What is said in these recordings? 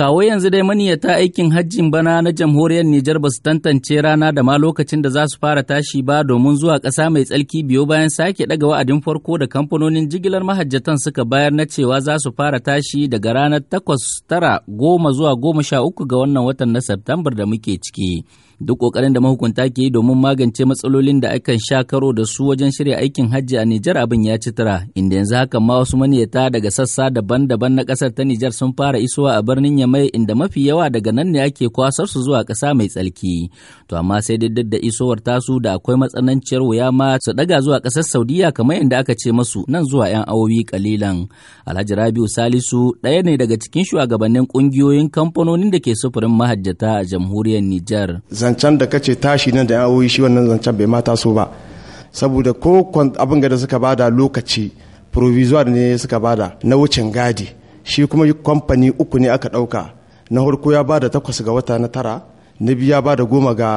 Kawo yanzu dai maniyata aikin hajjin bana na jamhuriyar Nijar ba su tantance rana da ma lokacin da za su fara tashi ba domin zuwa ƙasa mai tsalki biyo bayan sake ɗaga wa'adin farko da kamfanonin jigilar mahajjatan suka bayar na cewa za su fara tashi daga ranar takwas tara goma zuwa goma sha uku ga wannan watan na Septambar da muke ciki. duk ƙoƙarin da mahukunta ke yi domin magance matsalolin da akan sha karo da su wajen shirya aikin hajji a Nijar abin ya ci tara, inda yanzu haka ma wasu maniyata daga sassa daban-daban na ƙasar ta Nijar sun fara isowa a birnin Yamai inda mafi yawa daga nan ne ake kwasar su zuwa ƙasa mai tsalki. To amma sai duk da isowar tasu da akwai matsananciyar wuya ma su daga zuwa ƙasar Saudiya kamar yadda aka ce masu nan zuwa 'yan awowi kalilan. Alhaji Rabiu Salisu ɗaya ne daga cikin shugabannin ƙungiyoyin kamfanonin da ke sufurin mahajjata a jamhuriyar Nijar. zancen da kace tashi nan da yawo shi wannan zancen bai mata so ba saboda ko abin da suka bada lokaci provisoire ne suka bada na wucin gadi shi kuma kamfani uku ne aka ɗauka na harko ya bada takwas ga wata na tara na biyu ya bada goma ga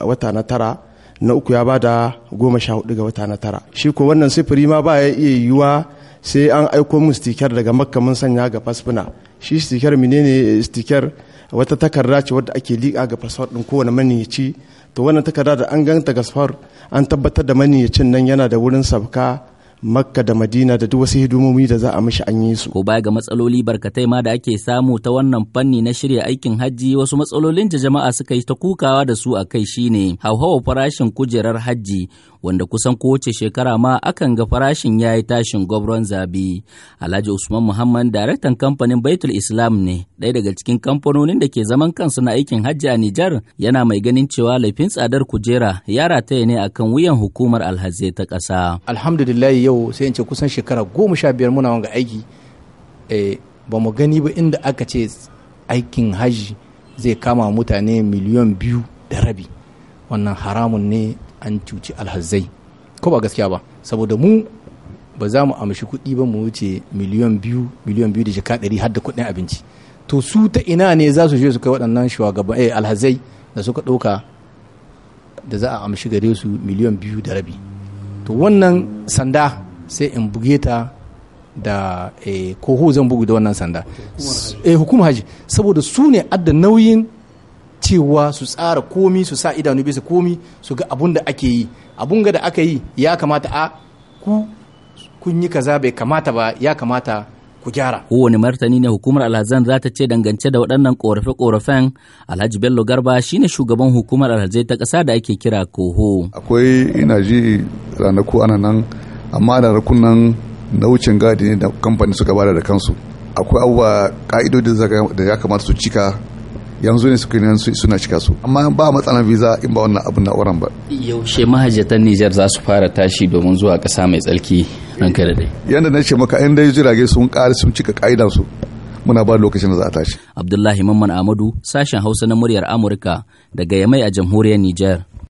wata na tara na uku ya bada goma sha hudu ga wata na tara shi ko wannan sifiri ma ba ya iya yiwuwa sai an aiko mu stikar daga makka mun sanya ga fasfuna shi stikar menene stikar wata takarda ce wadda ake liƙa ga fasfar ɗin kowane maniyaci to wannan takarda da an ganta gasfar an tabbatar da maniyacin nan yana da wurin sabka makka da madina da duk wasu hidimomi da za a mishi an yi su. ko baya ga matsaloli barkatai ma da ake samu ta wannan fanni na shirya aikin hajji wasu matsalolin da jama'a suka yi ta kukawa da su a kai shine hauhawar farashin kujerar hajji wanda kusan kowace shekara ma akan ga farashin ya yi tashin gwabron zabi. Alhaji Usman Muhammad daraktan kamfanin Baitul Islam ne, ɗaya daga cikin kamfanonin da ke zaman kansu na aikin hajji a Nijar yana mai ganin cewa laifin tsadar kujera ya rataya ne akan wuyan hukumar alhazai ta ƙasa. Alhamdulillah yau sai in ce kusan shekara goma sha biyar muna wanga aiki eh, ba mu gani ba inda aka ce aikin hajji zai kama mutane miliyan biyu da rabi wannan haramun ne an cuci Alhazai ko ba gaskiya ba saboda mu ba za mu amshi kuɗi ba mu wuce miliyan biyu miliyan biyu da shika ɗari har da kuɗin abinci to su ta ina ne za su je su kai waɗannan shugaban eh alhazai da suka ɗauka da za a amshi gare su miliyan biyu da rabi to wannan sanda sai in buge ta da eh, koho zan bugu da wannan sanda eh hukumar haji saboda su ne adda nauyin cewa su tsara komi su sa idanu bisa komi su ga abun da ake yi abun ga da aka yi ya kamata a ku kun yi kaza bai kamata ba ya kamata ku gyara. Kowane martani ne hukumar alhazan za ta ce dangance da waɗannan korafe korafen Alhaji Bello Garba shine shugaban hukumar alhazai ta ƙasa da ake kira koho. Akwai ina ji ranaku ana nan amma ranakun nan na wucin gadi ne da kamfani suka bada da kansu. Akwai abubuwa ka'idodi da ya kamata su cika yanzu ne suke nan suna cika su amma ba matsalan visa in ba wannan abin na'uran ba yaushe mahajjatan Nijar za su fara tashi domin zuwa ƙasa mai tsalki nan kare dai yanda na ce maka inda dai jirage sun ƙara sun cika ƙa'idan su muna ba lokacin da za a tashi Abdullahi Mamman Amadu sashen Hausa na muryar Amurka daga Yamai a jamhuriyar Nijar